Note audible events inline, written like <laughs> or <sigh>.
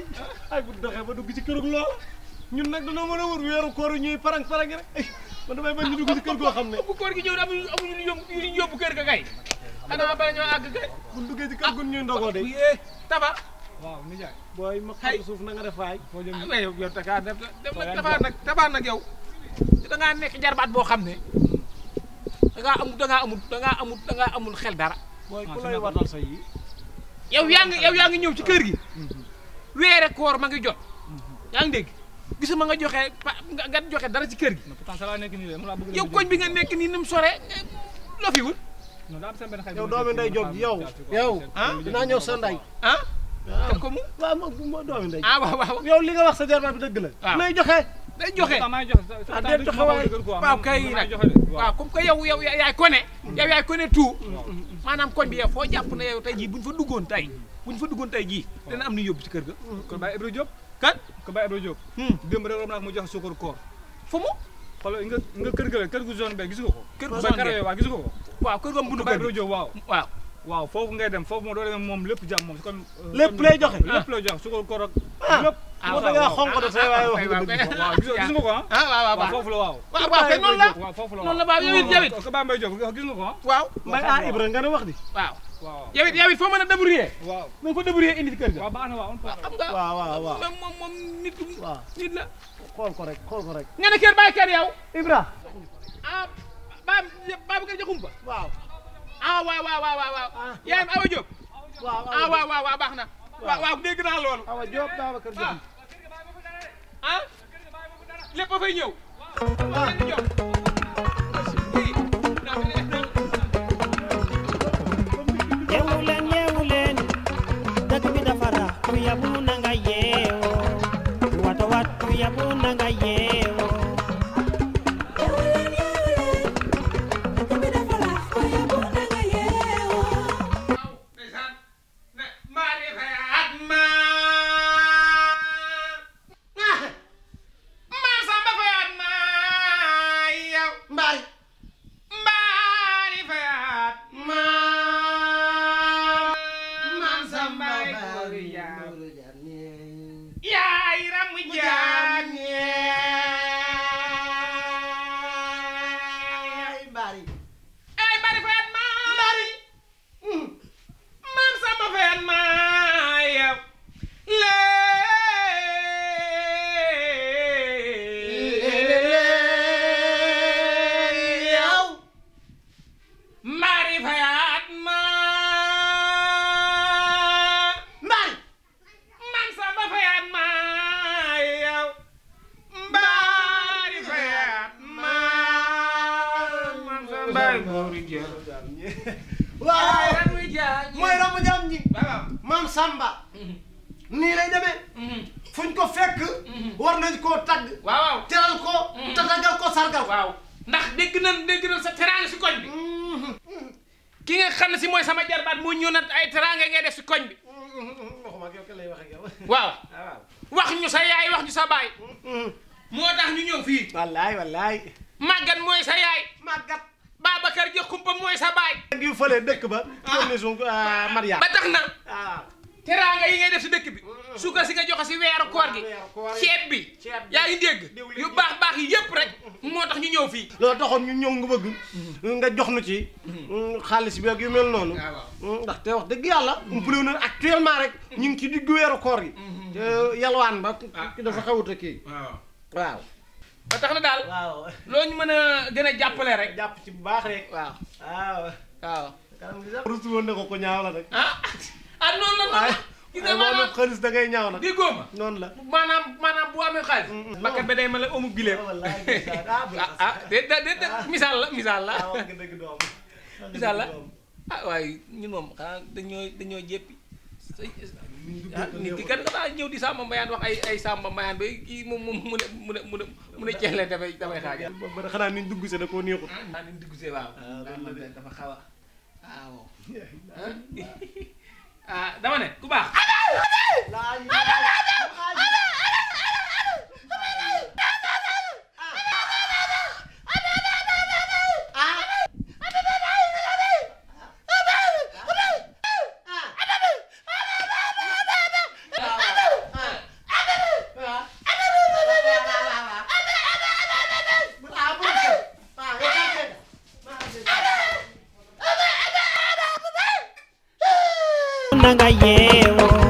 waay ay bu yang ba dugg ci kër gu ñun wër koor ñuy rek man bañ ñu dugg ci kër bu koor gi ñëw kër ga kay ñoo bu ci kër gu ah, taba waaw ma suuf na nga def jëm ah, yow def def amul da da da amul xel dara ku lay weere koor ma ngi jot yaa ngi dégg gisuma nga joxe nga joxe dara ci kër gi. yow koñ bi nga nekk nii ni mu sore loo fi wut. yow doomi nday Diop yow. yow ah dinaa ñëw sa nday ah? ah. waaw comme ah, waaw ma doomi nday. ah waaw waaw yow li nga wax sa jarbaat bi dëgg la. waaw ah. nay joxe. da joxe ah day joxe waay waaw kay nag waa comme que yow yow yaay kone. yow yaay kone tout. maanaam koñ bi yow foo jàpp ne yow tey jii buñ fa duggoon tey. bu ñu fa duggoon tey jii dana am nu yóbbu ci kër ga kon Baye Ibra Diop kan kon Baye Ibra Diop démb rek room naa ko mu joxe sukkur koor fu mu ga la kër ba gis ko kër gu zone ba waaw gis nga ko waaw kër ga buntu Baye Ibra Diop waaw waaw waaw foofu ngay dem foofu moom doo demee moom lépp jàmm moom su ko lépp lay joxe lépp koor ak lépp moo da ngaa xonq de say waaye wax waaw gis nga ko ah waaw waaw foofu la waaw waaw waaw kay noonu la noonu la baa yow it jawit ko waaw Mbaye Ibra waaw yow it yow it foo mën a débrouiller. waaw na nga ko débrouiller indi kër ga. baax na waaw xam nga. waaw waaw waaw moom moom moom nit. Ah, waaw Awa ah, baax na. waaw waaw dégg naa loolu. Awa Diop Babou Kër Diakhoumpa. Ah. ah lépp ñëw. waaw mooy romb jaam ñi maam Samba nii lay demee fuñ ko fekk mhm. war nañ koo tagg waaw teral ko mhm. tatagal ko sargal waaw ndax dégg nañ dégg nañ sa teraanga si koñ bi mhm. ki nga xam ne si mooy sama jarbaat mu ñëw na ay teraanga ngay def si koñ bi waxuma ak yow kan lay wax ak yow <laughs> ah, waaw wax ñu sa yaay wax ñu sa baay moo tax ñu ñëw fii wallaay wallaay màggat mooy sa yaay màggat Babacar Dia Kumpa moy sa baay. ak yu fële dëkk ba. ah, ah Maria. ba taxna na. Ah. teraanga yi ngay def ci dekk bi. Mm. suka si nga joxe ci wéru koor gi. ceeb bi ya ngi dégg. yu bax bax yépp rek moo tax ñu ñëw fi lo taxon ñu ñëw nga bëgg. Mm-hmm. nga jox nu ci. Mm-hmm. Mm, xaaliss bi ak yu mel ah, mm, ndax té wax dëgg yàlla. Mm-hmm. mpaliw na actuellement rek. ñu ngi ci diggu wéru koor gi. yalwaan ba. dafa xawut a waaw. ba tax na daal. waaw loo ñu mën a gën a jàppale rek. jàpp ci bu baax rek. waaw waaw. waaw. kanam gi sax rusu woon ko ko ñaaw la rek. ah ah noonu la noonu la. maanaam ay xaalis da ngay la. maanaam maanaam bu amee xaalis. Mm, mm, bakkat ba day misaal la misaal la. Ah, waaw dëgg misaal la ah waaye ñun moom xanaa dañoo dañoo jéppi. Ah, nit ki kan nga daa ñëw di Samba Mbayaan wax ay ay Samba Mbayaan ba kii moom moom mu ne mu ne mu ne mu ne ceele dafay dafay xaaj ba xanaa ni dugg see da koo neexut ah, xanaa ni dugg see ah, dafa xaw a waaw <laughs> ah dama ne ku baax ನಗಯೇವೋ